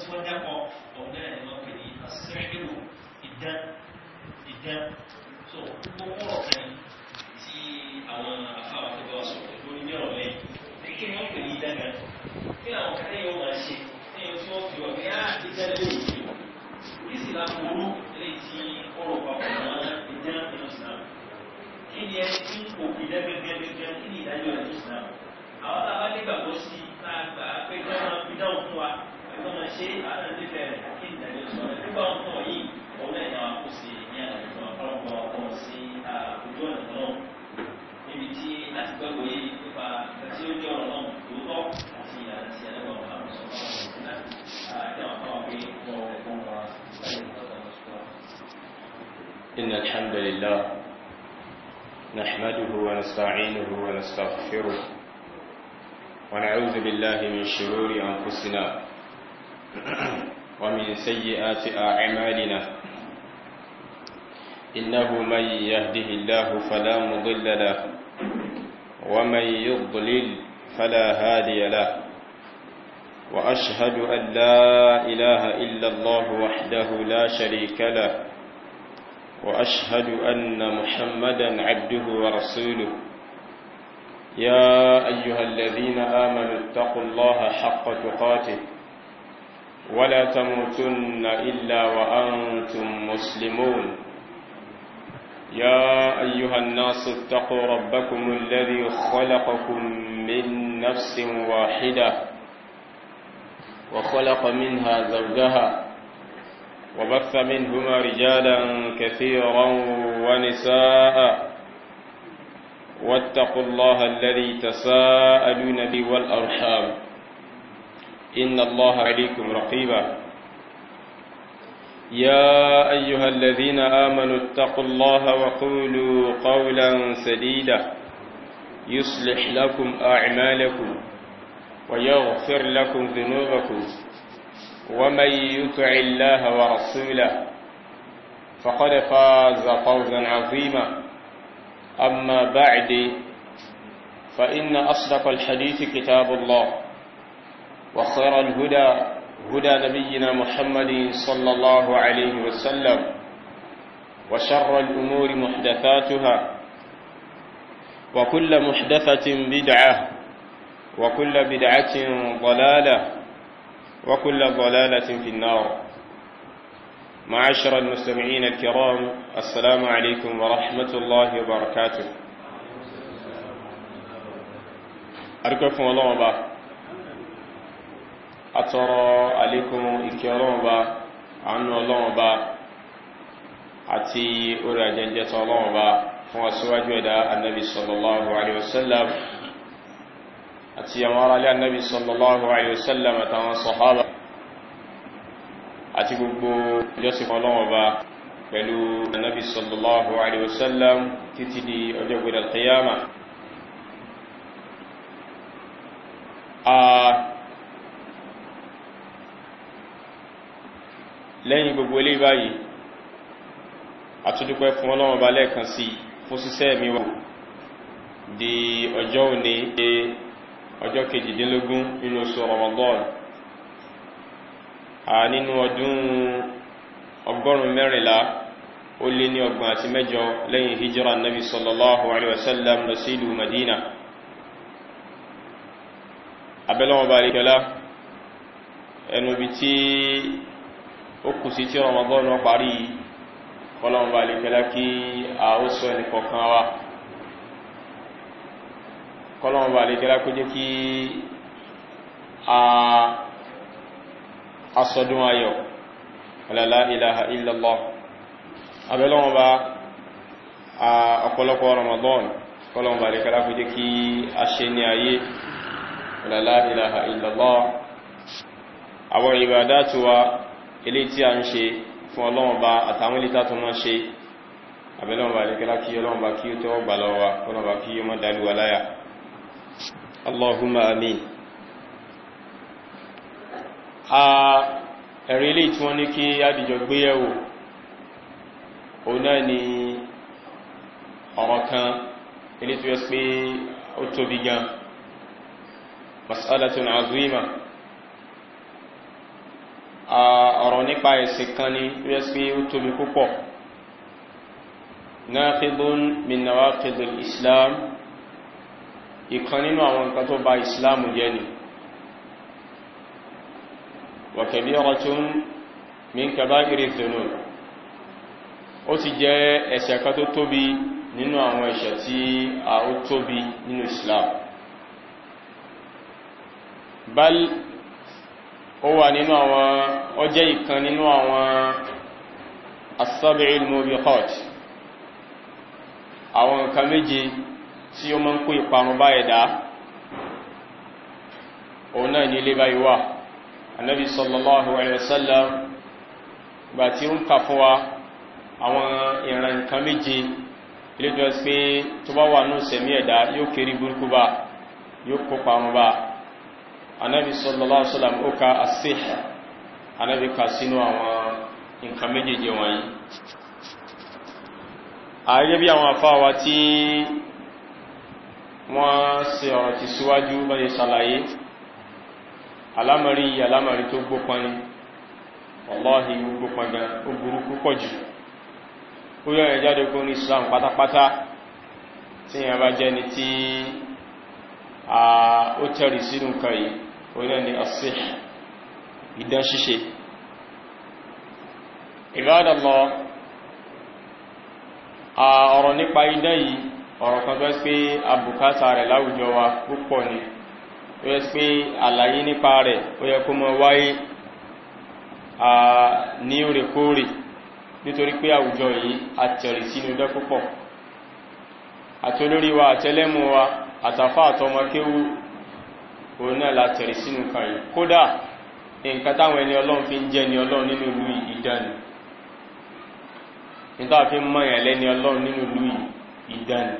tí wọ́n kemudian yang náà ni wọ́n pè ní asẹ́rẹ́lò ìdán so gbogbo ọ̀rọ̀ kan tí àwọn afáwọn tó bá wà sọ̀rọ̀ lórí ní ọ̀rọ̀ lẹ́yìn pé kí ni wọ́n pè ní kan lẹ́yìn wọ́n máa ṣe ní ohun tí wọ́n fi ọ̀gá ìdán lé òkè oríṣi làkúrú lẹ́yìn tí ọ̀rọ̀ papọ̀ mọ́ ìdán nínú ìsìlámù kí ni ẹni tí kò fi dẹ́gbẹ́gbẹ́gbẹ́ kí ni ìdájọ́ ẹ̀ tó ìsìlámù àwọn táwa nígbàgbọ́ sí i máa gbà á pé kí wọ́n máa fi dáhùn fún wa ìtọ́nà ṣe àná nífẹ̀ẹ́ rẹ̀ kí n tẹ̀lé sọ rẹ̀ nígbà ọkọ̀ yìí òun náà náà kò sí ní àlejò ọ̀pọ̀lọpọ̀ ọkọ̀ sí ojú ọ̀nà náà níbi tí láti gbẹ́gbẹ́ yìí nípa tí ó jẹ́ ọ̀rọ̀ náà lóòótọ́ àti ìlànà tí ẹlẹ́gbọ̀n máa ń sọ إن الحمد لله نحمده ونستعينه ونستغفره ونعوذ بالله من شرور أنفسنا ومن سيئات أعمالنا إنه من يهده الله فلا مضل له ومن يضلل فلا هادي له وأشهد أن لا إله إلا الله وحده لا شريك له وأشهد أن محمدا عبده ورسوله يا أيها الذين آمنوا اتقوا الله حق تقاته ولا تموتن إلا وأنتم مسلمون يا أيها الناس اتقوا ربكم الذي خلقكم من نفس واحدة وخلق منها زوجها وبث منهما رجالا كثيرا ونساء واتقوا الله الذي تساءلون به والأرحام إن الله عليكم رقيبا يا أيها الذين آمنوا اتقوا الله وقولوا قولا سديدا يصلح لكم أعمالكم ويغفر لكم ذنوبكم ومن يطع الله ورسوله فقد فاز فوزا عظيما أما بعد فإن أصدق الحديث كتاب الله وخير الهدى هدى نبينا محمد صلى الله عليه وسلم وشر الأمور محدثاتها وكل محدثة بدعة وكل بدعة ضلالة وكل ضلالة في النار معاشر المستمعين الكرام السلام عليكم ورحمة الله وبركاته أرجوكم الله وبركاته atọrọ àlékún ìkẹ́ ọlọ́ọ̀ba àánú ọlọ́ọ̀ba àti orí àjẹjẹta ọlọ́ọ̀ba fún aṣíwájú ẹ̀dá annabi sallallahu alaihi wasallam àti àwọn aráalé annabi sallallahu alaihi wasallam àtàwọn sọ̀hábà àti gbogbo ìjọsìn ọlọ́ọ̀ba pẹ̀lú annabi sallallahu alaihi wasallam títí di ọjọ́ gbẹ̀dẹ̀ alkiyama. lẹ́yìn gbogbo ilé báyìí àtúndúpẹ́ fún ọlọ́wọ́n bá lẹ́ẹ̀kan sí fún síṣẹ́ mi wà di ọjọ́ òní pé ọjọ́ kejìdínlógún nínú oṣù a nínú ọdún ọgọ́rùn mẹ́rìnlá ó lé ní ọgbọ̀n àti mẹ́jọ lẹ́yìn hijira nabi sallallahu alaihi wasallam lọ sí madina abẹ́lọ́wọ́n bá rí kẹlá ó kù sí tí Ramadan náà parí kọ́lọ́mù bá lè kẹ́lá kí a ó sọ ẹni kọ̀ọ̀kan wa kọ́lọ́mù bá lè kẹ́lá kó jẹ́ kí a sọdún ayọ̀ ọ̀làlá ilaha illallah abẹ́lọ́wọ́n bá ọ̀pọ̀lọpọ̀ Ramadan kọ́lọ́mù bá kó jẹ́ kí a ṣe ní ayé ọ̀làlá ilaha illallah àwọn ìbàdá tiwa ilé tí a ń ṣe fún ọlọ́mọba àtàwọn ilé tá tó mọ́ ṣe àbẹ́lọ́mọba lẹ́kẹ́lá kí ọlọ́mọba kí ó tẹ́wọ́ gbà lọ́wọ́ wa ọlọ́mọba kí ó mọ́ dálú wa láyà masalatun azima ọ̀rọ̀ nípa ẹ̀sìn kan ni tó yẹ sí ó tóbi púpọ̀ naqidun min nawaqidul islam ìkan nínú àwọn nǹkan tó ba islam jẹ́ ni wa kabiratun min kaba'iri dhunub ó ti jẹ́ ẹ̀ṣẹ̀ kan tó tóbi nínú àwọn ẹ̀ṣẹ̀ tí a ó tóbi nínú islam ó wà nínú àwọn ọjẹ́ ìkan nínú àwọn asábìrì mobiqat àwọn nǹkan méje tí ó mọ́ ń kó ìparun bá ẹ̀dá òun náà ní ilé báyìí wà sallallahu alaihi gbà tí ó ń kà fún wa àwọn ìran nǹkan méje ilé tó pé tó bá wà ní òsẹ̀mí ẹ̀dá yóò kéré burúkú yóò anabi sallallahu alaihi wasallam ó ka asíhà anabi ka sínú àwọn nǹkan méjèèjì wọ̀nyí ààrẹ bí àwọn àfáwà tí wọ́n ṣe ọ̀rọ̀ ti síwájú bọ́lẹ̀ ṣàlàyé alámọ̀rí alámọ̀rí tó gbópọn ni wọ́lọ́hì gbópọn gan ó burú púpọ̀ jù ó yọ ìjáde kó ní islam pátápátá tí ìyàn bá jẹ́ ni tí ó tẹ̀rì sínú kan yìí orí ẹni asih idán ṣíṣe Ibadallah ọ̀rọ̀ nípa idán yìí ọ̀rọ̀ kan tó ẹ́ pé abùkátà rẹ̀ láwùjọ wa púpọ̀ ni ó yẹ pé àlàyé nípa rẹ̀ ó yẹ kó mọ wáyé ní òrèkóòrè nítorí pé àwùjọ yìí àtẹ̀rì sínú idán púpọ̀ àti wa àtẹlẹ́mù wa àtàfà àtọmọkéwú òun náà la tẹ̀rí sínú kan yìí kódà nǹkan táwọn ẹni ọlọ́run fi ń jẹ́ ni ọlọ́run nínú ìlú ìdánù nígbà fi ń mọ̀ yàn lẹ́ni ọlọ́run nínú ìlú ìdánù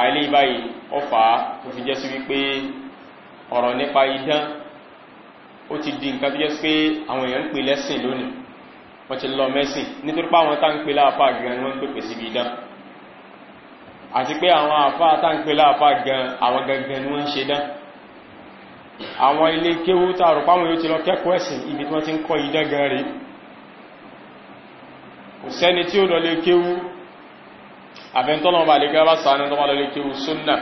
àìlè báyìí ọfà tó fi jẹ́ sí wípé ọ̀rọ̀ nípa idán ó ti di nǹkan tó jẹ́ sí pé àwọn èèyàn ń pè lẹ́sìn lónìí wọ́n ti lọ mẹ́sìn nítorí pé àwọn tá ń pè láàpá gan ni wọ́n ń pèpè síbi idán àti pé àwọn àfá àtàǹpẹ́lá àfá gan àwọn gangan ni wọ́n ń ṣe dán àwọn ilé kéwú tààrù páwọn yóò ti lọ kẹ́kọ̀ọ́ ẹ̀sìn ibi tí wọ́n ti ń kọ́ idán gan rí kò sẹ́ni tí ó lọlé kéwú àfẹ́ntọ́lọ́mọba lè gábà sàánú tó wà lọlé kéwú súnnà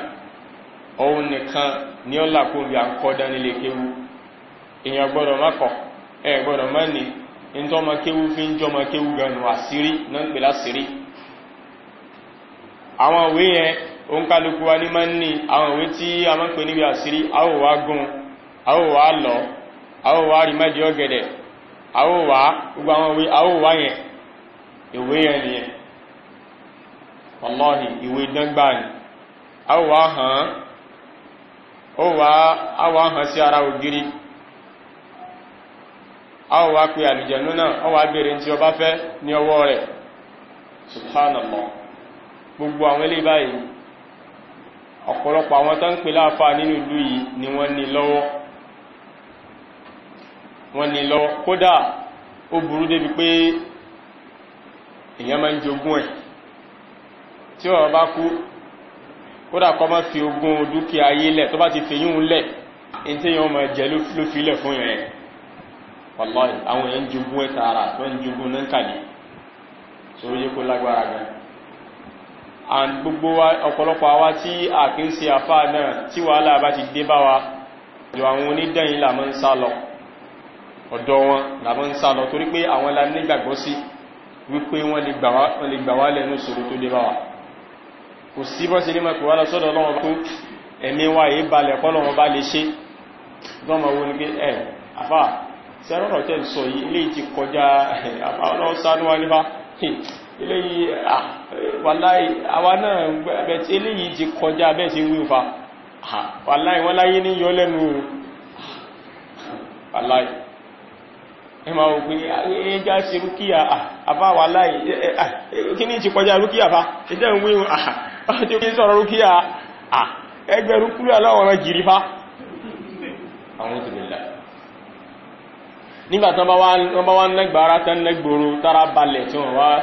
òun nìkan àwọn òwe yẹn o ń kálukú wa ma ń ní àwọn òwe tí a máa ń pè níbi àṣírí àwòwá gùn àwòwá lọ àwòwá rí mẹ́dì ọ̀gẹ̀dẹ̀ àwòwá gbogbo àwọn òwe àwòwá yẹn ìwé yẹn nìyẹn ọlọ́ọ̀hì ìwé dọ́gbà ni àwòwá hàn hàn sí ara ògiri àwòwá pe àlùjẹ̀nú náà ọwà bèèrè tí ọba fẹ́ ní ọwọ́ rẹ̀ subhanallah gbogbo àwọn ilé báyìí ọ̀pọ̀lọpọ̀ àwọn tó ń pè láàfà nínú ìlú yìí ni wọ́n ní lọ́wọ́ wọ́n ní lọ́wọ́ kódà ó burú débi pé èyàn máa ń jogún ẹ̀ tí ọ̀rọ̀ bá kú kódà kọ́ máa fi ogún dúkìá ayé lẹ̀ tó bá ti fi lẹ̀ in tí èyàn máa jẹ ló filẹ̀ fún ẹ̀ wàláhì àwọn èyàn jogún ẹ̀ tààrà tó ń jogún náà kàlẹ̀ sórí yẹ kó lágbára gan-an and gbogbo ọ̀pọ̀lọpọ̀ àwa tí a kìí ṣe àfá náà tí wàhálà bá ti dé bá wa jọ àwọn onídẹ̀yìn làmọ́ ń sá lọ ọ̀dọ̀ wọn làmọ́ ń sá lọ torí pé àwọn la nígbàgbọ́ sí wípé wọ́n lè gbà wá lẹ́nu ṣòro tó dé bá wa kò sí bọ́ sí ní mọ̀ kòwàlá sọ́dọ̀ ọlọ́run tó ẹ̀mí wa yìí balẹ̀ pọ́lọ́run bá eléyìí wàláì àwa náà bẹ̀ tí eléyìí ti kọjá bẹ́ẹ̀ sí wí fa wàláì wọ́n láyé ní yọ lẹ́nu wàláì ẹmà òpin ẹjá ṣe rúkíyà àbá wàláì kí ní ti kọjá rúkíyà fa ìdẹ́ ah ìwọ̀n tí ó aláwọ̀rán jìrì fa àwọn nígbàtán bá wá tára balẹ̀ tí wọ́n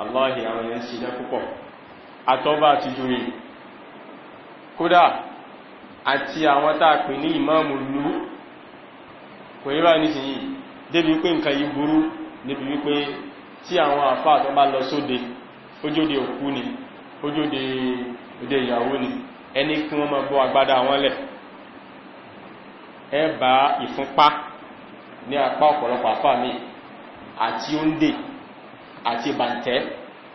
aláhì àwọn èèyàn sí lẹ́púpọ̀ àtọ́bà àti jùrì kódà àti àwọn tàà pè ní ìmáàmù lú kò yíra nísìnyí débi pé nǹkan yí burú débi wípé tí àwọn àfá àtọ́bà lọ sóde ojóde òkú ni ojóde òde ìyàwó ni ẹni kí wọ́n máa bọ́ agbádá wọn lẹ̀ ẹ bá ìfúnpá ní apá ọ̀pọ̀lọpọ̀ àfá mi àti ó ń dè àti bàǹtẹ́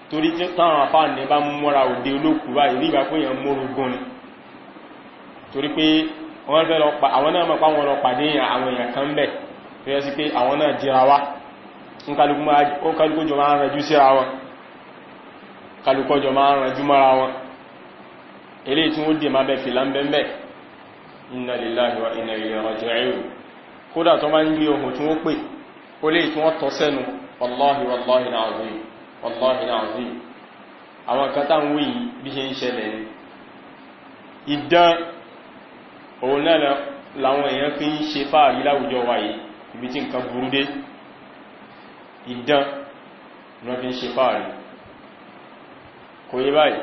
torí táwọn àfáàní bá múra òde olókùú báyìí rí ìgbà pé èèyàn mórú gan ni torí pé wọ́n fẹ́ lọ pa àwọn náà mọ̀ pa wọn lọ pàdé àwọn èèyàn kan bẹ̀ tó yẹ sí pé àwọn náà jira wá ń máa ń rẹjú síra wọn kálukú máa ń rẹjú mọ́ra wọn eléyìí tí wọ́n dè máa bẹ fìlà ń bẹ́ẹ̀ wa inna ilaihi raji'un kódà tó máa ń gbé ohun wàláhì wàláhì láàzí wàláhì láàzí àwọn kátà ń wí bí ṣe ń ṣẹlẹ̀ ìdán òun náà làwọn èèyàn fi ń ṣe fáàrí láwùjọ wáyé ibi tí nǹkan burú dé ìdán lọ fi ń ṣe fáàrí kò yí báyìí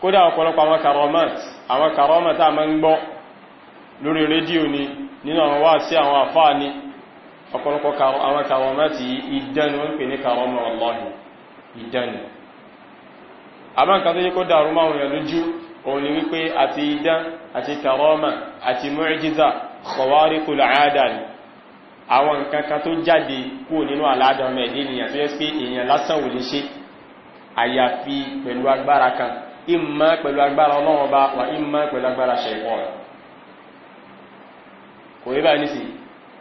kódà ọ̀pọ̀lọpọ̀ àwọn karomat àwọn karomat a máa ń gbọ́ lórí rédíò ni nínú àwọn wáàsí àwọn àfáà ni ọ̀pọ̀lọpọ̀ àwọn kàrọmátì ìdánù wọ́n pè ní kàrọmà ọlọ́hìn ìdánù àmá nǹkan tó yẹ kó dàrú máa wọ̀nyẹ̀ lójú òun ni wípé àti ìdán àti kàrọmà àti mu'jiza khawarikul àádà ni àwọn nǹkan kan tó jáde kúrò nínú àládà ọmọ ẹ̀dẹ́ ènìyàn tó yẹ pé èèyàn lásán ò lè ṣe kò yẹ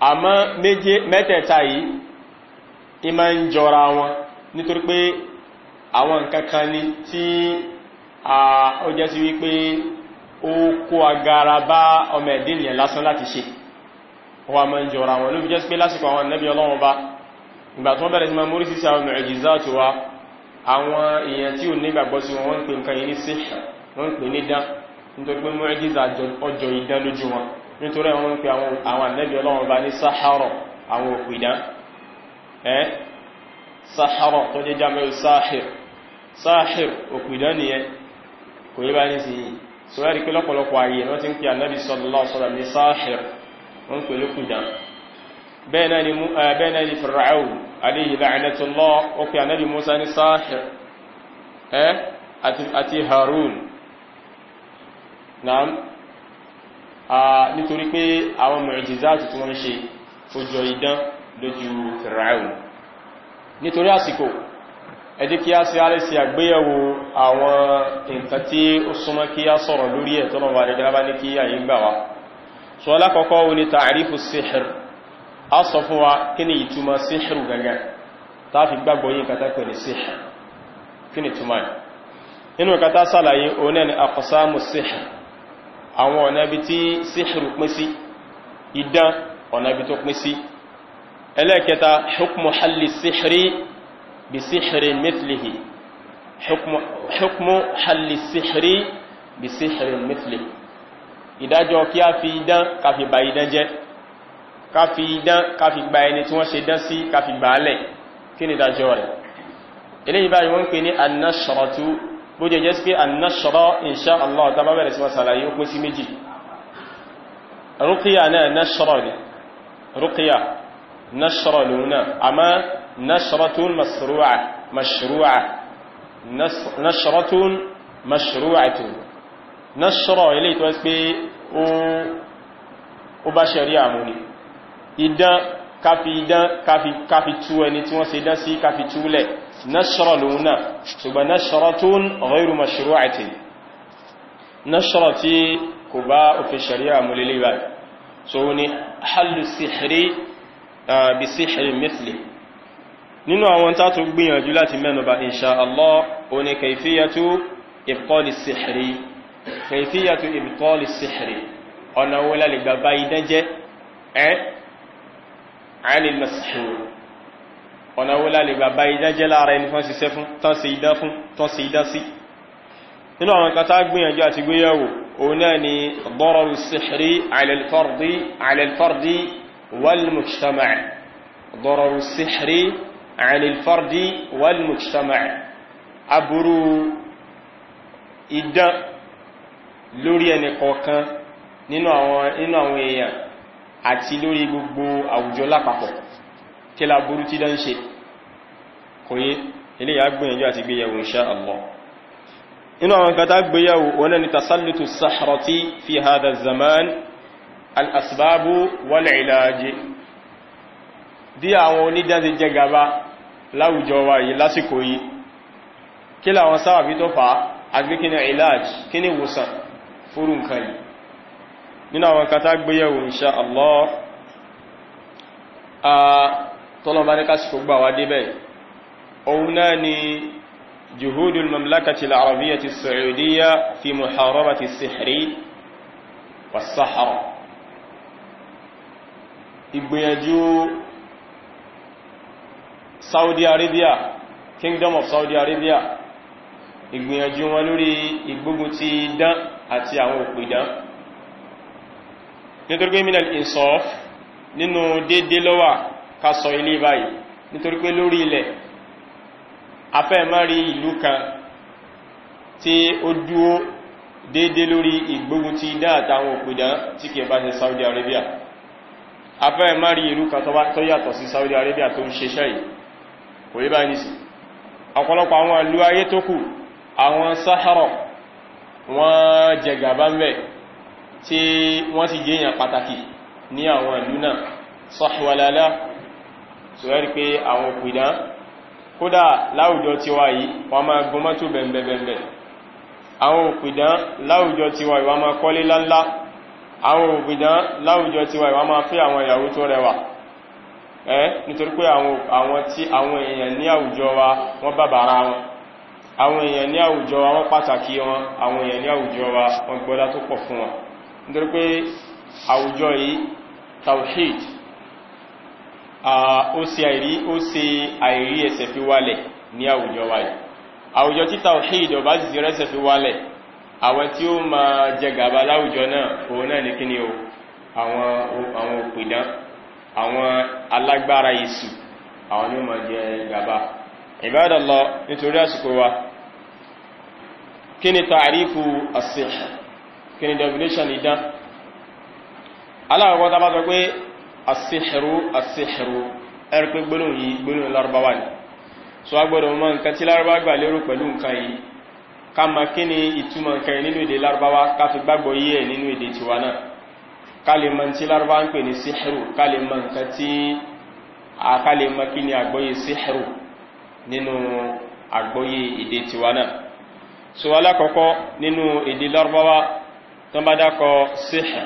àmọ́ méje mẹ́tẹ̀ẹ̀ta yìí ìmá ń jọra wọn nítorí pé àwọn nǹkan kan ni tí ó jẹ́ sí wípé ó kó agara bá ọmọ ẹ̀dẹ́ ènìyàn lásán láti ṣe wọ́n máa ń jọra wọn ló jẹ́ sí pé lásìkò àwọn ànábì ọlọ́run bá ìgbà tí bẹ̀rẹ̀ sí máa mórí sí àwọn ẹ̀jìzá tó wa àwọn èèyàn tí ò nígbàgbọ́ sí wọn wọ́n ń pè nǹkan yìí ní sí wọ́n ń pè ní dán nítorí pé mú ẹ̀jìzá ọjọ́ ìdán lójú wọn nítorí àwọn ń pè àwọn ànẹ́bí ọlọ́run bá ní sáhárọ̀ àwọn òpìdán ẹ́ sáhárọ̀ tó jẹ́ jámẹ́rù sáhìr sáhìr òpìdán nìyẹn kò yí bá ní sí yìí so ẹ́rí pé lọ́pọ̀lọpọ̀ ayé wọ́n ti ń pè ànẹ́bí sọ́lọ́sọ́lọ́ ní sáhìr wọ́n pè ni Harun naam nítorí pé àwọn mọ̀rìjìzáàtì tí wọ́n ń ṣe ojò idán lójú fìràún nítorí àsìkò ẹ jẹ́ kí a sí alẹ́ sí àgbéyẹ̀wò àwọn nǹkan tí ó súnmọ́ kí a sọ̀rọ̀ lórí ẹ̀ tọ́nà wà nígbà bá ní kí wa kí ni ìtumọ̀ síhìr gangan táàfi gbàgbọ́ yìí nǹkan tápẹ̀ ní síhìr kí ni túmọ̀ nínú nǹkan àwọn ọ̀nà ibi tí síhìrù pín sí idán ọ̀nà ibi tó pín sí ẹlẹ́ẹ̀kẹta hukmu halli síhìrì bí síhìrì mithlihi hukmu halli síhìrì bí síhìrì mithlihi ìdájọ́ kí a fi idán ká fi bà idán jẹ́ ká fi gba ẹni tí wọ́n ṣe dán sí ká gbà á lẹ̀ kí ni ìdájọ́ rẹ̀ eléyìí báyìí wọ́n ń pè ní annashratu bó jẹ́ jẹ́ sí pé annashra insha Allah tàbá bẹ̀rẹ̀ sí wàsàlàyé ó pín sí méjì rúkíyà náà nashra ni rúkíyà nashra lòun náà àmá nashratun masru'a mashru'a nashratun mashru'atun nashra ilé ìtọ́ sí pé ó bá ṣẹ̀rí àmú nashra lòun náà ṣùgbọ́n nashratun ghayru mashru'atin nashra tí kò bá òfin sharia mu lélẹ́ báyìí so ni hallu sihri bi sihri mithli nínú àwọn tá tó gbìyànjú láti mẹ́nubà insha Allah ó ní kayfiyatu ibtali sihri kayfiyatu ibtali sihri ọ̀nà wo la lè gbà bá idán jẹ́ ẹ́ 'ala al-mashhur ọ̀nà wo la lè gbà bá idán jẹ́ lára ẹni tán ṣiṣẹ́ fún tán ṣe idán fún tán ṣe idán sí nínú àwọn nǹkan tá gbìyànjú àti gbéyàwó òun náà ni dọ́rọ̀rù sihiri alẹ́lfọ́rdí wàlmùsàmà dọ́rọ̀rù sihiri alẹ́lfọ́rdí wàlmùsàmà aburú idán lórí ẹni kọ̀ọ̀kan nínú àwọn èèyàn àti lórí gbogbo àwùjọ lápapọ̀ kí la burú tí dán ṣe kò yí ilé ya gbìyànjú àti gbéyàwó insha Allah inú àwọn kata gbéyàwó wọ́n ni tasallutu sahrati fi hada zaman al'asbabu wal ilaji bí àwọn onídáze jẹ gaba láwùjọ wa yìí lásìkò yìí kí láwọn sáwàbí tó fa àgbé kí ni ìlàjì tọ́lọ́mbà ní kásìkò gbà wá débẹ̀ òun náà ni juhudul mamlakati al-arabiyya ti saudiya fi muharabati sihri wa sahara ìgbìyànjú saudi arabia kingdom of saudi arabia ìgbìyànjú wọn lórí ìgbógun ti dán àti àwọn òpìdán nítorí pé minal insaf nínú dédé lọ́wà ká sọ ilé báyìí nítorí pé lórí ilẹ̀ afẹ́mọ́rí ìlú kan tí ó dúó dédé lórí ìgbógun ti dá àtàwọn òpìdá tí kìí bá ṣe Saudi Arabia afẹ́mọ́rí ìlú kan tó yàtọ̀ sí Saudi Arabia tó ń ṣeṣẹ́ yìí kò rí bá nìsí ọ̀pọ̀lọpọ̀ àwọn ìlú ayé tó kù àwọn sáhárọ̀ wọ́n jẹ gàbá mẹ́ tí wọ́n ti jẹ́yàn pàtàkì ní àwọn ìlú náà sọ́hwàlálá sọ̀rọ̀ pé àwọn òpìdán kódà láwùjọ tiwa yìí wọ́n máa gun mọ́tò bẹ̀m̀bẹ̀m̀bẹ̀ àwọn òpìdán láwùjọ tiwa yìí wọ́n máa kọ́lé láńlá àwọn òpìdán láwùjọ tiwa yìí wọ́n máa fẹ́ àwọn ìyàwó tó rẹwà ẹ́ nítorí pé àwọn tí àwọn èèyàn ní àwùjọ wa wọ́n bàbàrà wọn àwọn tawhid ó ṣe àìrí ó ṣe àìrí ẹsẹ̀ fi wálẹ̀ ní àwùjọ wa yìí àwùjọ tí tawhid bá sì ti rẹ́sẹ̀ fi wálẹ̀ àwọn tí ó ma jẹ gàba láwùjọ náà òun náà ní kí ni o àwọn òpìdán àwọn alágbára èsù àwọn ni ó ma jẹ gàba ìbádàlọ nítorí àsìkò wa kí ni tààrífù àsìkò kí ni definition ìdán aláwọ̀kọ́ tá pé asíhìrú asíhìrú ẹ̀rù pé gbólóhùn yìí gbólóhùn lárúbáwá ni so agbọ́dọ̀ mọ̀ nǹkan tí lárúbáwá gbà lérò pẹ̀lú nǹkan yìí ká ma kí ni ìtumọ̀ nǹkan yìí nínú èdè lárúbáwá ká fi gbàgbọ́ yí ẹ̀ nínú èdè tiwa náà ká lè mọ̀ tí lárúbáwá ń pè ní síhìrú ká lè mọ̀ nǹkan tí ká lè mọ̀ kí ni àgbọ́yé síhìrú nínú àgbọ́yé èdè tiwa náà so alákọ̀ọ́kọ́ nínú èdè lárúbáwá tó bá dákọ̀ síhìrú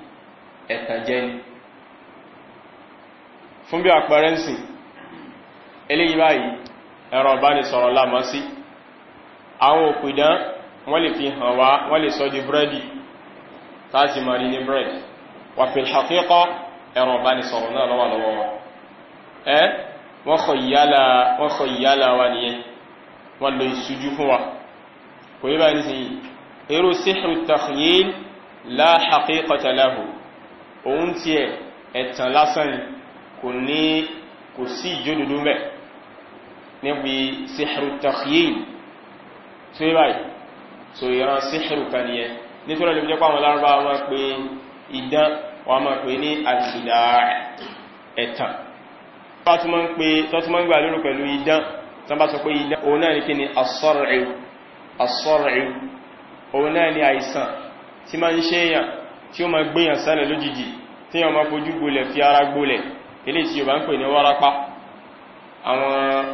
ẹ̀tàn jẹ́ ni fún bí àpẹẹrẹ ń sìn eléyìí báyìí ẹ̀rọ ìbánisọ̀rọ̀ lámọ́ sí àwọn òpìdán wọ́n lè fi hàn wá wọ́n lè sọ di búrẹ́dì tààtì mari ní búrẹ́dì wà fi ṣàfíkọ́ ẹ̀rọ ìbánisọ̀rọ̀ náà lọ́wọ́lọ́wọ́ wọn ẹ́ wọ́n kọ ìyálà wa òun ti ẹ̀ ẹ̀tàn lásán ni kò ní kò sí ìjódodo mẹ́ níbi síhìrù tàkìyìn tó yẹ báyìí so ìran síhìrù kan ni ẹ nítorí lè jẹ́pọ̀ àwọn lárúbá wọn pé idán wọn máa pè ní àṣìlá ẹ̀tàn tọ́túnmọ́ ń gbà lérò pẹ̀lú idán tán bá sọ pé idán òun náà ní kí ni asọ́rẹ̀ òun náà ní àìsàn tí máa ń ṣe èèyàn tí ó ma gbéyàn sálẹ̀ lójijì tí yàn ma fojú gbolẹ̀ fi ara gbolẹ̀ ilé tí Yorùbá ń pè ní wárápá àwọn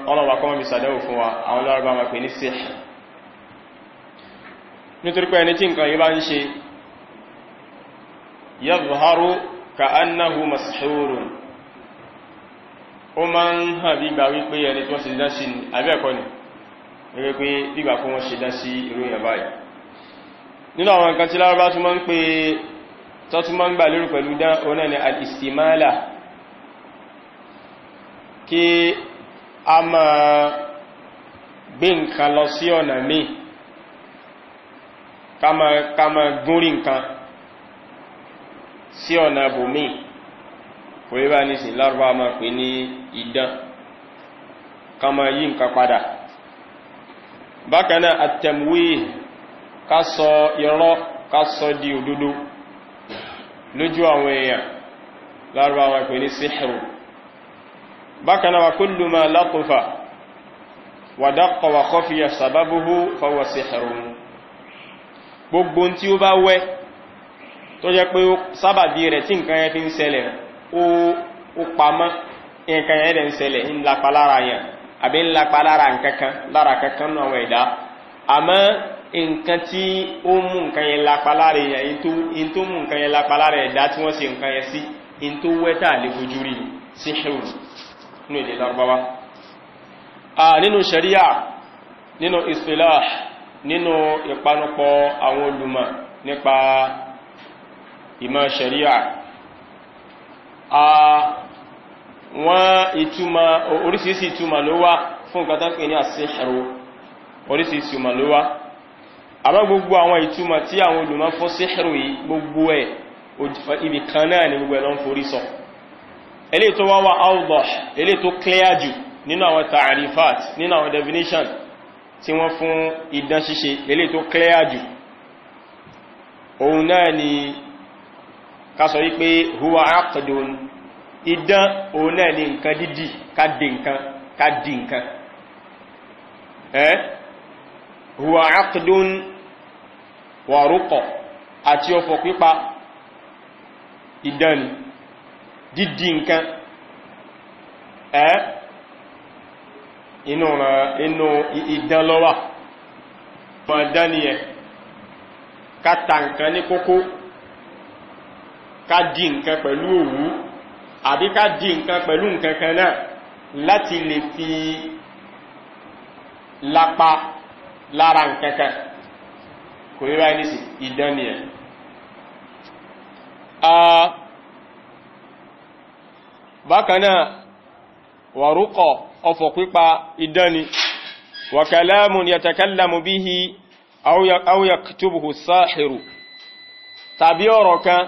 ọlọ́wà kọ́ mi sàdẹ́wò fún wa àwọn lọ́rọ̀bá ma pè ní sí nítorí pé ẹni tí nǹkan yìí bá ń ṣe yadhharu ka'annahu mas'hurun ó ma ń hàn bí gbà wípé ẹni tí wọ́n ṣe dá sí ni ẹ̀kọ́ ni wípé pé bí gbà fún wọ́n ṣe dá sí irú nínú àwọn nǹkan tí lárọ́bá tún máa ń pè tó tún máa ń gbà lérò pẹ̀lú dán ọ̀nà ni al-istimala kí a máa gbé nǹkan lọ sí ọ̀nà míì ká máa gúnrí nǹkan sí ọ̀nà bòmíì kò yẹ bá nísìn lárúbá máa pè ní idán ká máa yí nǹkan padà bákan náà ká sọ irọ́ ká sọ di òdodo lójú àwọn èèyàn lárúbá wọn pè ní síhìrù bákanáà wà kúlù ma látọfà wà dákọ̀ wà kọfíyà sàbábúhú fọwọ́ síhìrù gbogbo tí ó bá wẹ́ tó jẹ́ pé sábàbí rẹ̀ tí nǹkan yẹn fi ń ṣẹlẹ̀ ó pamọ́ nǹkan yẹn ń ṣẹlẹ̀ ń lapa lára yẹn àbí ń lapa lára nǹkankan lára kankan náà wẹ̀ dá àmọ́ nǹkan tí ó mú nǹkan yẹn lápá lára èèyàn in tó mú nǹkan yẹn lápá lára ẹ̀dá tí wọ́n ṣe nǹkan yẹn sí in tó wẹ́tà lè fojú rí sí ṣẹ́rù nínú èdè lárúbáwá nínú ṣẹ̀ríà nínú istilah nínú ìpanupọ̀ àwọn olùmọ̀ nípa ìmọ̀ ṣẹ̀ríà wọ́n ìtumọ̀ orísìírísìí ìtumọ̀ ló wá fún nǹkan tó pè ní àṣíṣẹ́rù orísìírísìí ìtumọ̀ ló wá àmọ́ gbogbo àwọn ìtumọ̀ tí àwọn olùmọ̀ fún síhìrù yìí gbogbo ẹ̀ ibi kan náà ni gbogbo ẹ̀ lọ ń forí sọ eléyìí tó wá wá áwùdọ̀ eléyìí tó clear jù nínú àwọn ta'arifat nínú àwọn definition tí wọ́n fún idán ṣíṣe eléyìí tó clear jù òun náà ni ká sọ wípé huwa aqdun idán òun náà ni nǹkan dídì ká di nǹkan ká di nǹkan eh huwa aqdun wàrúkọ̀ àti ọfọ̀ pípa ìdánì dídí nǹkan ẹ́ inú ìdán lọ́wà mọ̀ dání ẹ̀ ká ta nǹkan ní kókó ká dí nǹkan pẹ̀lú òwú àbí ká dí nǹkan pẹ̀lú nǹkan kan náà láti lè fi lápa lára nǹkan kan kò rí báyìí nísì ìdán ni ẹ̀ bákanáà wàrúkọ̀ ọfọ̀ pípa ìdán ni wàkàlámù yàtàkàlámù bí i auyaktubuhu sáàhìrù tàbí ọ̀rọ̀ kan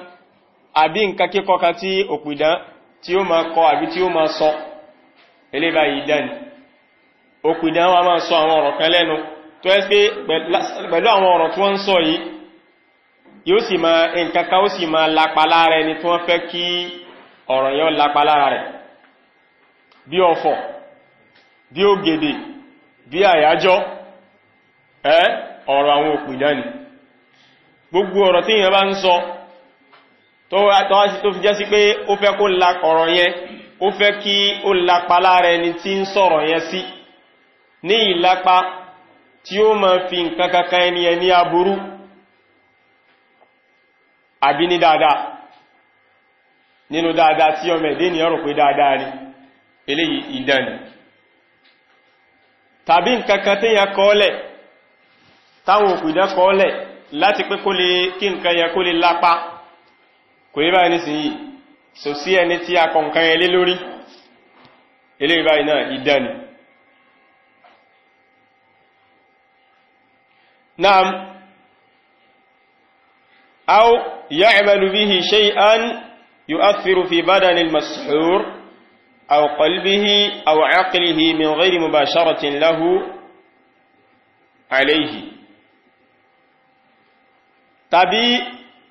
àbí nǹkan kíkọ kan tí òpìdán tí ó máa kọ àbí tí ó máa sọ eléba ìdán ni òpìdán wa máa sọ àwọn ọ̀rọ̀ kan lẹ́nu tó ẹ́ pé pẹ̀lú àwọn ọ̀rọ̀ tí wọ́n ń sọ yìí yóò sì máa nǹkanká ó sì máa lápa lára ẹni tí wọ́n fẹ́ kí ọ̀rọ̀ yẹn lápa lára rẹ̀ bí ọ̀fọ̀ bí ògèdè bí àyájọ́ ẹ́ ọ̀rọ̀ àwọn òpìdán ni gbogbo ọ̀rọ̀ tí èèyàn bá ń sọ tó fi jẹ́ sí pé ó fẹ́ kó la ọ̀rọ̀ yẹn ó fẹ́ kí ó lápa lára ẹni tí ń sọ̀rọ̀ yẹn sí ní ìlápa tí ó ma fi nǹkan kankan ẹni ẹni aburú àbí ní dáadáa nínú dáadáa tí ọmọ ẹ̀dẹ́ ni ọrùn dáadáa ni eléyìí idán ni tàbí nǹkan kan téèyàn kọ́ọ́lẹ̀ táwọn òpìdán kọ́ọ́lẹ̀ láti pé kó lè kí nǹkan yẹn kó lè lápá kò yí báyìí nísìnyí so sí ẹni tí a kọ nǹkan yẹn lórí eléyìí báyìí náà نعم أو يعمل به شيئا يؤثر في بدن المسحور أو قلبه أو عقله من غير مباشرة له عليه tàbí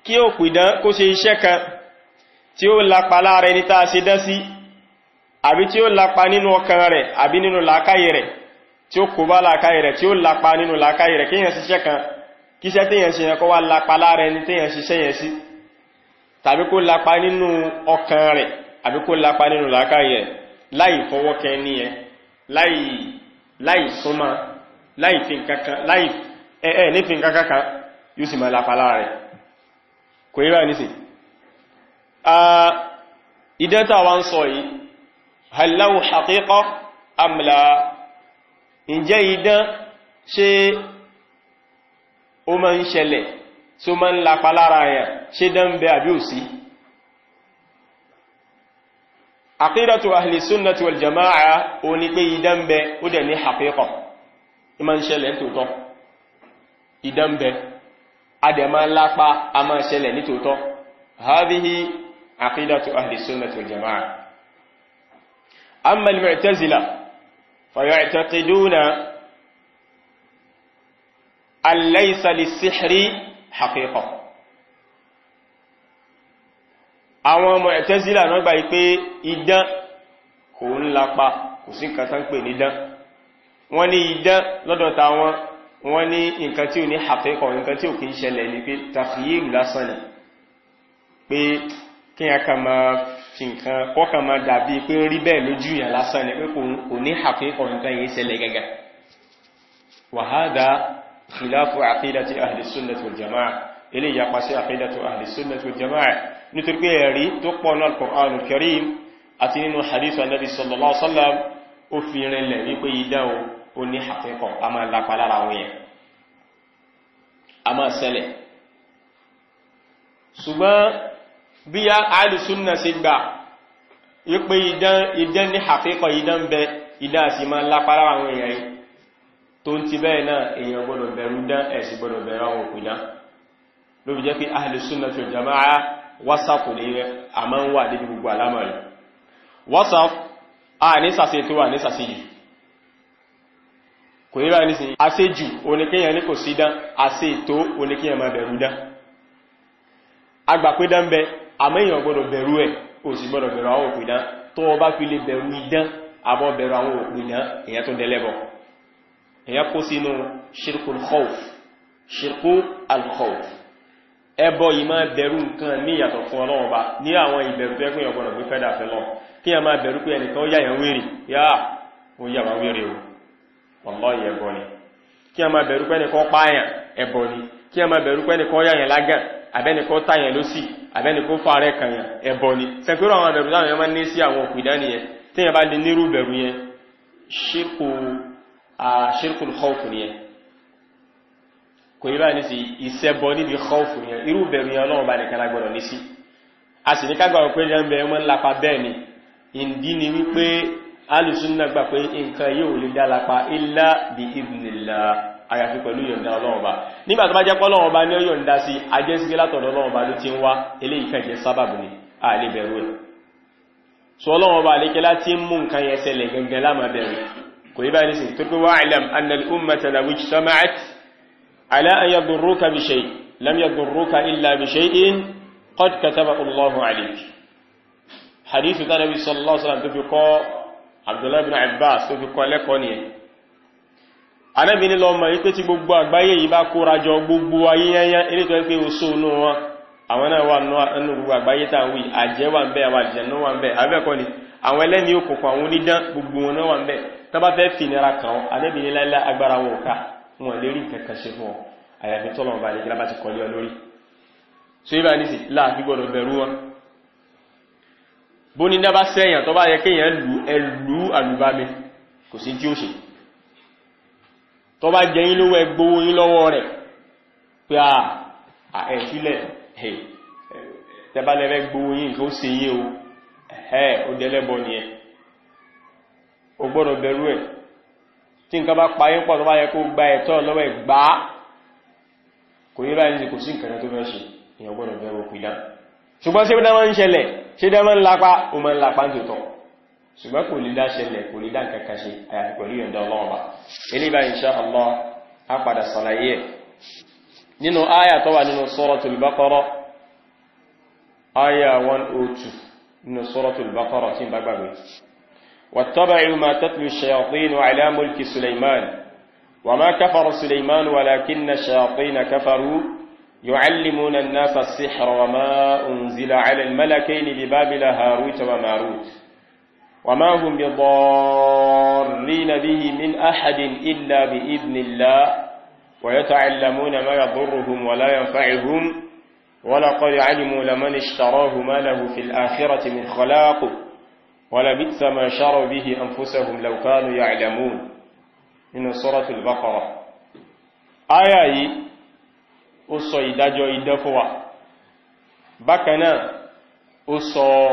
kí ó pìdán kó ṣe iṣẹ́ kan tí ó lapa láàrẹ ní tàà ṣe dá sí àbí tí ó lapa nínú ọkàn rẹ̀ àbí nínú làákàyè rẹ̀ tí ó kò bá làkáyì rẹ̀ tí ó lapa nínú làkáyì rẹ̀ kíyàn síṣẹ́ kan kíṣẹ́ tíyàn sí yẹn kọ́ wá lapa lára ẹni tíyàn síṣẹ́ yẹn sí tàbí kó lapa nínú ọkàn rẹ̀ àbí kó lapa nínú làkáyì rẹ̀ láì fọwọ́kẹ́ ní ẹ láì súnmọ́ láì fi nǹkan kankan yóò sì máa lapa lára rẹ̀ kò yíra ní sí ìdẹ́ta wa ń sọ yìí hal lahu amla ǹjẹ́ idán ṣe ó máa ń ṣẹlẹ̀ tí ó máa ń lapa lára àyà ṣe dán bẹ àbí òsí àkídàtò àhìlìsúnnàtò aljama'a ó ní pé idán bẹ ó dẹ̀ ní haqiqa ó máa ń ṣẹlẹ̀ nítòótọ́ idán bẹ a dẹ̀ máa lápa a máa ṣẹlẹ̀ nítòótọ́ hadhihi àkídàtò àhìlìsúnnàtò aljama'a amma al فيعتقدون أن ليس للسحر حقيقة àwọn Mu'tazila náà gbà pé idán kò ń lapa kò sí nǹkan tán pè ní idán wọ́n ní idán lọ́dọ̀ tàwọn wọ́n ní nǹkan tí ò ní haqiqa nǹkan tí ò kí ń ṣẹlẹ̀ ní pé tàfíyè lásán pé kí a kà máa kí nǹkan kọ́kàn máa dàbí pé ń rí bẹ́ẹ̀ lójú yàn lásán ni pé kò ní àkíkọ̀ nǹkan yìí ṣẹlẹ̀ gẹ́gẹ́ wàhádà khilafu àkídàtì ahli sunnati wal jamaa ilé ìyapa sí àkídàtì ahli sunnati wal jamaa nítorí pé ẹ̀rí tó pọ̀ náà Al-Qur'an Al-Karim àti nínú ṣùgbọ́n bí a alìsúnnà sí gbà wípé ìdán ní àfíkọ̀ ìdán bẹ ìdán sí máa lápára àwọn èèyàn yìí tó ń ti bẹ́ẹ̀ náà èèyàn gbọ́dọ̀ bẹ̀rù dán ẹ̀sì gbọ́dọ̀ bẹ̀rù àwọn òpìdá ló fi jẹ́ pé alìsúnnà fi jama'a wásàkù ní àmọ́ ń wà débi gbogbo àlámà rẹ̀ wásàkù a ní sàṣe tó wà àmẹ́yàn gbọ́dọ̀ bẹ̀rù ẹ̀ o sì gbọ́dọ̀ bẹ̀rù àwọn òpìdá tó ọba fi lè bẹ̀rù idán àbọ́ bẹ̀rù àwọn òpìdá èyàn tó dẹlẹ́bọ̀ èyàn kó sínú ṣirkul khawf ṣirkul alkhawf ẹbọ yìí máa bẹ̀rù nǹkan ní ìyàtọ̀ fún ọlọ́run ọba ní àwọn ìbẹ̀rù tó ẹkùn ìyọ̀gbọ̀nà pé fẹ́dà fẹ́ lọ kí a máa bẹ̀rù pé ẹnìkan ó yà yàn ni kí a máa bẹ̀rù pé ẹnìkan pààyàn ẹbọ lágàn abẹ́nikọ́ táyàn ló sì abẹ́nikọ́ fàárẹ̀ kàyàn ẹbọ ni sẹ́kúrò àwọn abẹ̀rù táwọn ẹmọ́ ní sí àwọn òkú ìdániyẹn tí yẹn bá lè nírú bẹ̀rù yẹn ṣírkùn haufu yẹn kò yí báyìí sí ìṣẹ́bọ níbi haufu yẹn irú bẹ̀rù yẹn ọlọ́run bá ní kan agbọ́dọ̀ ní sí a sì ní kágbà pé jẹ́ bẹ̀rù wọn àyàfi pẹ̀lú yọ̀ǹda ọlọ́run ba nígbà tó bá jẹ́ pọ́lọ́run ba ní ó yọ̀ǹda sí ajẹ́sígbé látọ̀dọ̀ ọlọ́run ba ló ti ń wá eléyìí kàn jẹ́ sábàbù ni a lè bẹ̀rù ẹ̀ so ọlọ́run ba lékẹ́ láti mú nǹkan yẹn ṣẹlẹ̀ gangan láàmà bẹ̀rù kò yí bá ní sìn tó pé wá àìlẹ̀m annal ummata la wich sama'at ala an yadurruka bi shay lam yadurruka illa bi shay'in Ànábì ní lọ mọ̀ wípé tí gbogbo àgbáyé yìí bá kóra jọ gbogbo ayéyẹnyẹ eré tó pé oṣù inú wọn àwọn náà wà nínú gbogbo àgbáyé tá à ń wí àjẹ́ wà ń bẹ àwọn àjẹ́ wà ń bẹ abẹ́ẹ̀kọ́ ni àwọn ẹlẹ́ni òkùnkùn àwọn onídán gbogbo wọn náà wà ń bẹ tó bá fẹ́ fi nira kàn án Ànábì ní láìlá agbára wọn ká wọn lè rí nǹkan kan ṣe fún ọ àyàfi tọ́lọ̀ ọba àlejò ọ tó bá jẹ yín lówó ẹ gbowó yín lọ́wọ́ rẹ̀ pé à ẹ̀ sílẹ̀ tẹ́bálẹ́fẹ́ gbowó yín tó ṣe yín o ẹ̀ ó dẹ́lẹ́bọ nìyẹn o gbọ́dọ̀ bẹ̀rù ẹ̀ tí nǹkan bá pa yín pọ̀ tó bá yẹ kó gba ẹ̀tọ́ lọ́wọ́ ẹ̀ gbá kò yẹ báyìí kò sí nǹkan tó fẹ́ ṣe èèyàn gbọ́dọ̀ bẹ̀rù òkú ìdá ṣùgbọ́n ṣé dáná ń ṣẹlẹ̀ ṣé dáná ń lapa ó máa ń lapa ń tòótọ́ ṣùgbọ́n kò lè dáṣẹlẹ̀ kò lè dá nǹkan kan ṣe àyàfi pẹ̀lú ìyọ̀ǹda ọlọ́run ọba eléyìí bá insha Allah á padà ṣàlàyé ẹ̀ nínú àyà tó wà nínú Suratul Baqara 102 nínú Suratul Baqara tí ń واتبعوا ما تتلو الشياطين على ملك سليمان وما كفر سليمان ولكن الشياطين كفروا يعلمون الناس السحر وما أنزل على الملكين ببابل هاروت وماروت وما هم بضارين به من أحد إلا بإذن الله ويتعلمون ما يضرهم ولا ينفعهم ولقد علموا لمن اشتراه ماله في الآخرة من خلاق ولبئس ما شروا به أنفسهم لو كانوا يعلمون من سورة البقرة آية أصي دجو إدفوة بكنا أصي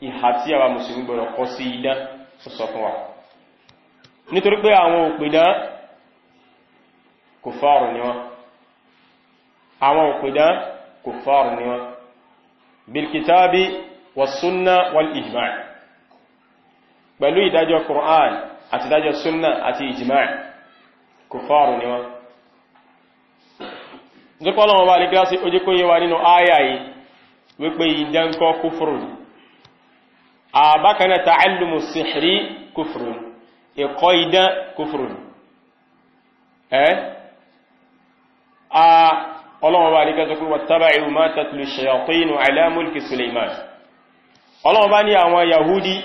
ìhà tí àwa mùsùlùmí gbọ́dọ̀ kọ́ sí idán sọ fún wa nítorí pé àwọn òpìdán kò fáàrù ni wọn àwọn òpìdán kò fáàrù ni wọn bilkitabi wasunna wal ijma pẹ̀lú ìdájọ́ Qur'an àti ìdájọ́ sunna àti ijma kò fáàrù ni wọn nítorí pé lè gíláṣí ojú kó yé nínú ááyà wípé ìdánkọ́ kúfùrù àbákanáà tààlùmù sìhìrí kúfùrùn ẹ̀kọ́ idán kúfùrùn ẹ́ a ọlọ́wọ́ bá ní kẹsọ pé wàtàbà ìwùmá tàtàlù ṣayàtínu alámúlkì suleiman ọlọ́wọ́ bá ní àwọn yahudi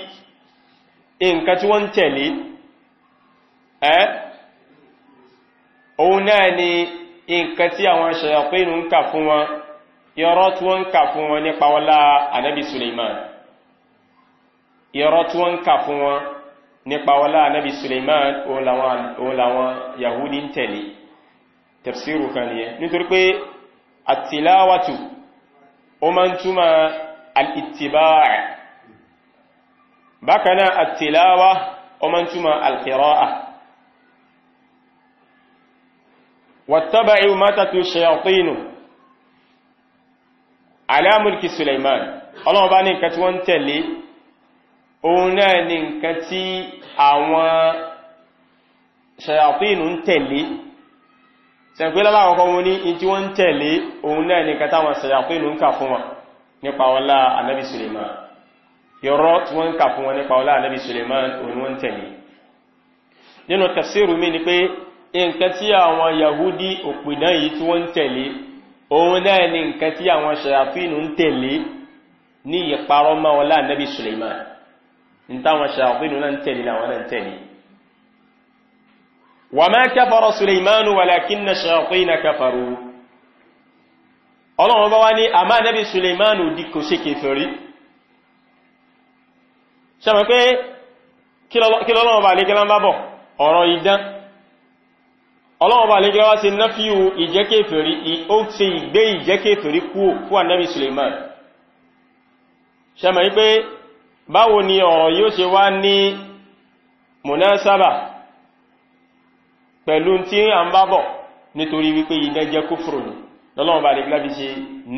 nǹkan tí wọ́n tẹ̀lé ẹ́ òun náà ni nǹkan tí àwọn ṣayàtínu ń kà fún wọn yọrọ tí wọ́n ń kà fún wọn nípa wọlá anábi suleiman irọ́ tí wọ́n ń kà fún wọn nípa wọlá anábi suleiman òun làwọn yahudi ń tẹ̀lé tafsiru kan nìyẹn nítorí pé àtìláwàtù ó máa ń túmọ̀ al'ittiba'a bákanáà àtìláwà ó máa ń túmọ̀ al'qira'a واتبعوا ما تتلو الشياطين على ملك سليمان الله باني كتوان تلي òun náà ni nǹkan tí àwọn ṣàyàtínú ń tẹ̀lé ṣẹ̀gbé láláwọ̀kọ́ wọn ní in tí wọ́n ń tẹ̀lé òun náà ni nǹkan táwọn ṣàyàtínú ń kà fún wọn nípa ọlá anábì suleiman yọrọ tí wọ́n ń kà fún wọn nípa ọlá anábì suleiman òun wọ́n tẹ̀lé ni pé nǹkan tí àwọn ní ìparọ́ mọ́ ọlá anábì suleiman ntáwọn ṣàfihàn náà ń tẹ̀lé làwọn náà ń tẹ̀lé wà máa kẹfàrọ suleimanu walakin na ṣàfihàn kẹfàrọ ọlọ́run bá wá ní àmà nẹ́bí suleimanu di kò ṣe kèfèrí ṣàmì pé kí lọ́lọ́run bá lẹ́gẹ́lá ń bá bọ̀ ọ̀rọ̀ idán ọlọ́run bá lẹ́gẹ́lá wá sí náfíù ìjẹ́kèfèrí ó ti ìgbé ìjẹ́kèfèrí kú ànẹ́bí suleimanu ṣàmì pé báwo ni ọ̀rọ̀ yóò ṣe wá ní munasaba pẹ̀lú tí a ń bábọ̀ nítorí wípé idán jẹ́ kófòrò ní lọ́lọ́wọ́n bá lè gbábi ṣe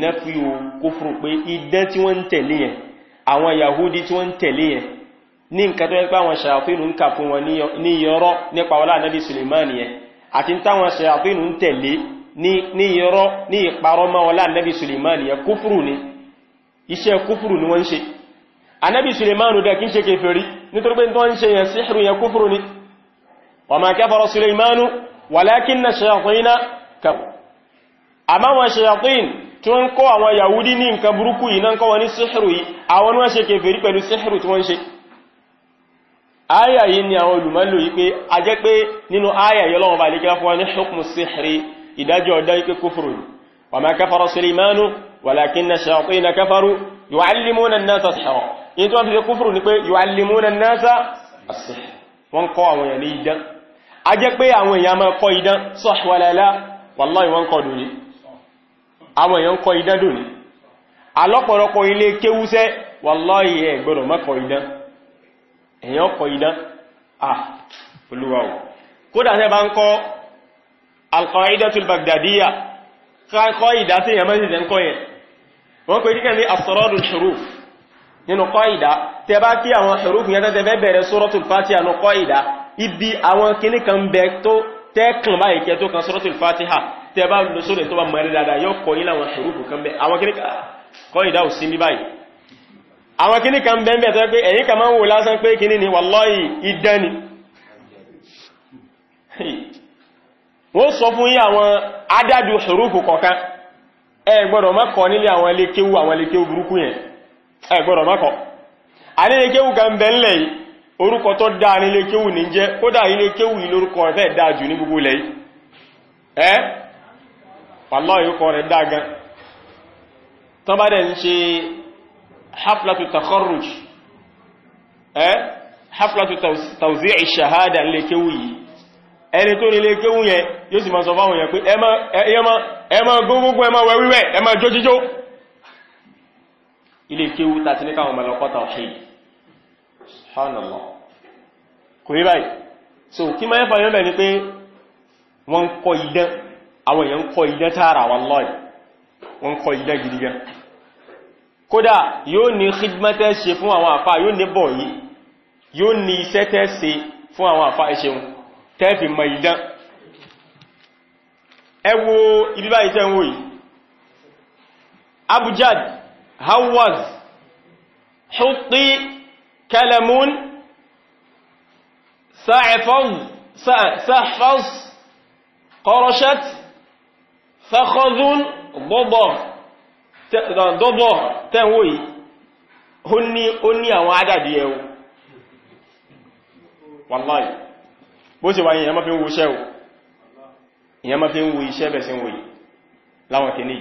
nẹ́fíò kófòrò pé idán tí wọ́n ń tẹ̀lé yẹn àwọn yahudi tí wọ́n ń tẹ̀lé yẹn ní nǹkan tó yẹ pé àwọn ṣàfihàn ń kà fún wọn ní yọrọ nípa wọlá anábì suleiman yẹn àti táwọn ṣàfihàn ń tẹ̀lé ní yọrọ ní ìparọ́ mọ́ wọlá anábì suleiman yẹn kófòrò ni iṣẹ́ kófòrò ni wọ́n ń ṣe anábì suleimanu dẹ̀ kí ń ṣe kèfèrí nítorí pé tó ń ṣe yẹn síhrù yẹn kúfùrù ni wa ma kafara suleimanu walakinna shayatina kafaru àmá wọn shayatin tí wọ́n kọ́ àwọn yahudi ní nǹkan burúkú yìí náà kọ́ wọn ní síhrù yìí àwọn wọ́n ṣe kèfèrí pẹ̀lú síhrù tí wọ́n ṣe áyà yìí ni àwọn olùmọ́lò yìí pé kafaru yu'allimuna an-nasa as-sihr yìí tí wọ́n fi ṣe kúfùrù ní pé yu'allimuna an-nasa as-sihr wọ́n kọ́ àwọn èèyàn ní idán a jẹ́ pé àwọn èèyàn máa kọ́ idán sah wa la la wallahi wọ́n kọ́ dòní àwọn èèyàn kọ́ idán dòní alọ́pọ̀lọpọ̀ ilé kéwúsẹ́ wallahi ẹ gbọ́dọ̀ má kọ́ idán èèyàn kọ́ idán nínú kọ́ìdá tẹ bá kí àwọn ṣẹ̀rúfù yẹn tẹ́tẹ́ fẹ́ bẹ̀rẹ̀ suratul fatiha nínú kọ́ìdá ibi àwọn kìíní kan bẹ tó tẹ́kàn báyìí kẹ́ tó kan suratul fatiha tẹ bá lọ sórí tó bá mọ̀rẹ́ dáadáa yóò kọ́ yín àwọn kìíní kan bẹ ni wallahi idán ni wọ́n sọ fún yín àwọn adájú ṣẹ̀rúfù kọ̀ọ̀kan ẹ gbọ́dọ̀ má kọ́ nílé ẹgbọ́rọ̀ mọ́kọ̀ alélékéwù ga ń bẹ̀lẹ̀ orúkọ tó dá alélékéwù ní jẹ́ kódà ilékéwù ilórúkọ rẹ̀ dáa jù ní gbogbo lẹ́yìn ẹ́ wallahi tawzi'i ẹni tó nílé kéwù yẹn yóò sì máa sọ fáwọn yẹn pé ẹ máa gógógó ẹ máa wẹ ilé kéwú tàti ní káwọn mẹ́lọ́kọ́ tawhid subhanallah kò rí báyìí so kí máa ń fa ni pé wọ́n ń kọ idán àwọn èèyàn ń kọ idán tààrà wallahi wọ́n ń kọ idán gidi gan kódà yóò ní khidmatẹ́ ṣe fún àwọn àfá yóò ní bọ̀ yìí yóò ní iṣẹ́ tẹ́ ṣe fún àwọn àfá ẹṣẹun tẹ́ẹ̀fì mọ̀ idán ẹ wo ibi báyìí tẹ́ ń wò yìí abujad hawaz hutti kalamun sahfaz kọrọṣat sakhazun dọ́bọ̀ tẹ́wò yìí ó ní àwọn adàdí ẹwọ wàláì bó ṣe wáyé ìyẹn ma fi ń wo iṣẹ́ o ìyẹn ma fi ń wo iṣẹ́ bẹ̀sẹ̀ wòye láwọn kìíní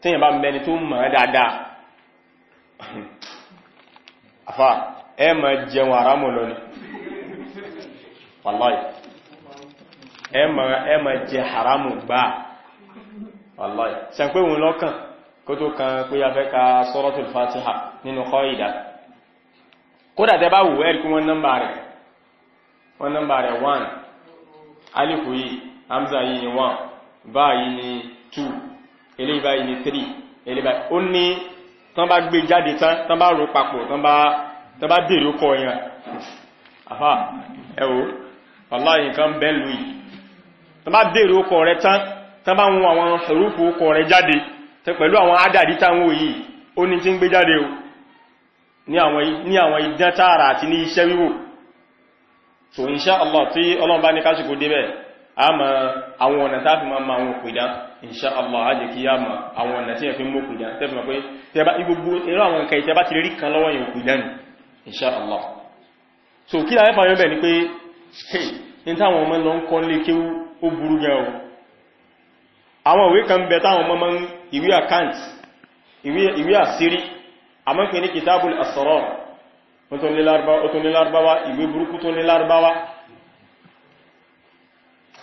tí ìyẹn bá mẹ́ni tó mọ̀ dáadáa àfà ẹ ma jẹun àrámù lọ ni wàláì ẹ ma jẹ àrámù gbá wàláì sẹ pé òun lọ́kàn kó tó kan pé a fẹ́ ka suratul Fatiha nínú kọ́ ìdá kódà tẹ bá wù ẹ́ kí wọ́n nọ́mbà rẹ̀ wọ́n nọ́mbà rẹ̀ 1 alifu yìí hamza yìí ni 1 báyìí ni 2 eléyìí báyìí ni 3 eléyìí báyìí tán bá gbé jáde tán tán bá rò papọ̀ tán bá dèrò kọ yẹn àfà ẹ̀wò wàláyìn kan bẹ́ẹ̀ lóyìí tán bá dèrò kọ rẹ tán tán bá wọn àwọn ṣòrúfò kọ rẹ jáde pẹ̀lú àwọn ádàdí táwọn yìí ó ní tí ń gbé jáde o ní àwọn ìdán tààrà àti ní iṣẹ́ wíwò so insha Allah tí ọlọ́run bá ní kásìkò débẹ̀ àmà àwọn ọ̀nà tàbí ma ma wọn kùdá insha Allah ajé kí yá ma àwọn ọ̀nà tí yẹn fi mọ́ kùdá tẹ́fì ma pé tẹ́bá igbogbo irú àwọn nǹkan ìtẹ́bá ti rí kan lọ́wọ́ yẹn kùdá ni insha Allah so kí láyé fàyọ́ bẹ̀ ni pé hey ní táwọn ọmọ lọ ń kọ́ lé kí ó burú gan o àwọn ìwé kan bẹ táwọn ọmọ ń ìwé account ìwé àṣírí àmọ́ pé ní kitabul asrar ó tó ní lárúbáwá ìwé burúkú tó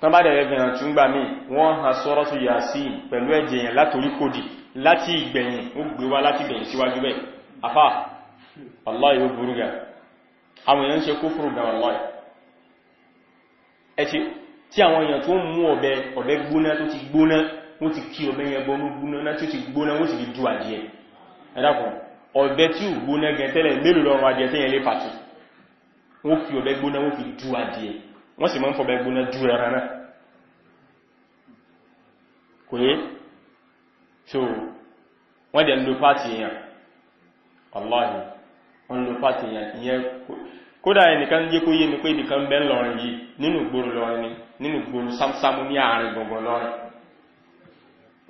tán bá dẹ̀rẹ̀ bẹ̀rẹ̀ tún gbà mí wọ́n ha sọ́rọ́tù Yasin pẹ̀lú ẹ̀jẹ̀ yẹn látorí kòdì láti ìgbẹ̀yìn ó gbé wá láti gbẹ̀yìn síwájú bẹ́ẹ̀ afá wallahi ó burú ga àwọn èèyàn ń ṣe kúfùrù ga wallahi ẹ̀tí tí àwọn èèyàn tó mú ọ̀bẹ ọ̀bẹ gbóná tó ti gbóná wọ́n ti kí ọ̀bẹ yẹn gbóná gbóná tó ti gbóná wọ́n sì fi du adìẹ ẹ̀dàkùn ọ̀bẹ tí ò gbóná gẹ tẹ́lẹ̀ mélòó lọ́rùn adìẹ tẹ́yẹn lé pàtó wọ́n fi ọ̀bẹ gbóná wọ́n fi du adìẹ wọ́n sì máa ń fọ́bẹ̀ gbóná ju ẹran náà kò yé so wọ́n dẹ̀ ń lo pàtì èèyàn ọlọ́ọ̀ni wọ́n lo pàtì èèyàn ìyẹn kódà ẹnìkan jẹ́ kó yé mi pé ibìkan bẹ́ lọ́rin yìí nínú gbòòrò lọ́rin ni nínú gbòòrò sámsámú ní àárín gbọ̀ngàn lọ́rin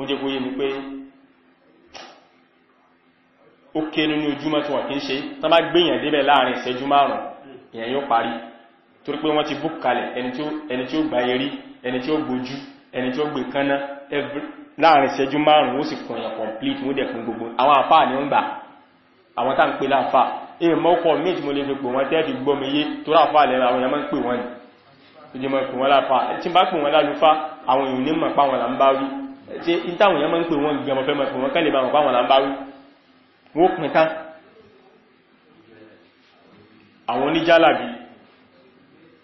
ó jẹ́ kó yé mi pé ó ké nínú ojúmọ́ tí wọ́n kí ń ṣe tán bá gbéyàn débẹ̀ láàrin ìṣẹ́jú márùn-ún ìyẹn yóò parí torí pé wọ́n ti book kalẹ̀ ẹni tí ó gba erí ẹni tí ó gbójú ẹni tí ó gbé kánná láàrin ìṣẹ́jú márùn-ún ó sì kàn yàn complete wọ́n dẹ̀ pín gbogbo àwọn àfáà ni ó ń gbà àwọn tá ń pè láàfà èyí mọ́kọ̀ méjì mo lè fi pè wọ́n tẹ́ẹ̀dì gbọ́mi yé tó ráfà lẹ́ra àwọn èèyàn mọ́ ń pè wọ́n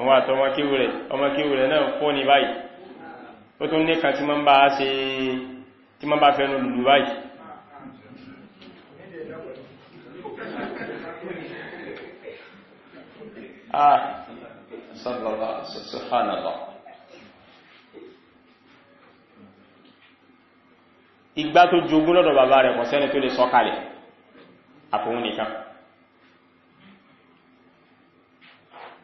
òun àti ọmọ kíwù rẹ̀ ọmọ kíwù rẹ̀ náà fọ́ ní báyìí ó tún ní kan tí ma ń bá fẹ́nu lùlù báyìí ah sallallahu subhanallah ìgbà tó jogún lọ́dọ̀ bàbá rẹ̀ kò sẹ́ni tó lè sọ̀kalẹ̀ àfòun nìkan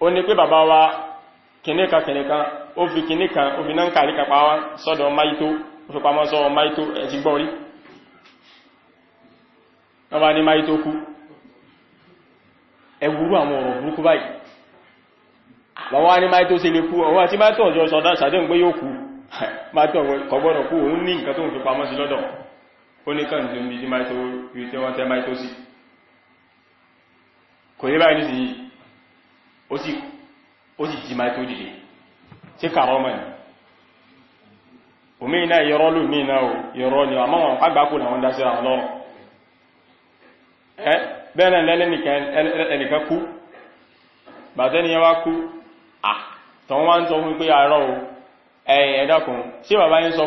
ó ní pé bàbá wa kìnníkan kìnníkan ó fi kìnníkan ó fi náà kàrí kàpá wá sọ́dọ̀ máyító ó fi pamọ́ sọ́dọ̀ máyító ẹ̀tí gbọ́rí wọ́n bá ní máyító kú ẹwúrú àwọn ọ̀rọ̀ burúkú báyìí bàbá wa ní máyító ṣe lè kú ọwọ́ àti máyító ọjọ́ sọ́dá ṣàdé pé yóò kú máyító kọgbọ́dọ̀ kú òun ní nǹkan tó ń fi pamọ́ sí lọ́dọ̀ ó ní kàn ó sì jímá tó dìde tí kàrọ́mọ̀ ní omi iná o ìyọ́rọ́ ni àmọ́ wọn pàgbákò na wọ́n dáṣẹ́ àwọn lọ́rọ̀ bẹ́ẹ̀rẹ̀ lẹ́nìkan kú bàtẹ́ni ku wá kú àtọ́n wa ń sọ fún pé àárọ̀ o ẹ̀yìn ẹ̀dọ́kùn sí bàbá yín sọ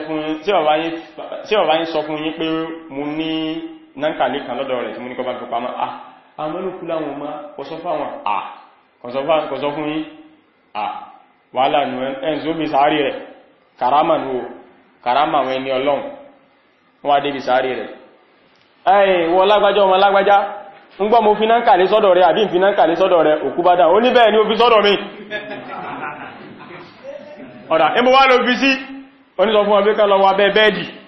fún yín pé kan lọ́dọ̀ rẹ̀ tí mo a kọ́ ma fi pamọ́ àmọ́nù kú láwọn ọmọ kọ̀sọ̀ fún yí à wàhálà nù ẹnzóbi sàárì rẹ̀ karama nù o karama àwọn ẹni ọlọ́run wọ́n adébi sàárì rẹ̀ ẹ̀yìn wọ́n lágbájá ọmọ lágbájá ń gbọ́ mo finá ń kàlé sọ́dọ̀ rẹ̀ àbí ìfiná ń kàlé sọ́dọ̀ rẹ̀ òkú bá ni ó fi sọ́dọ̀ mi ọ̀dà ẹmọ wá ló fi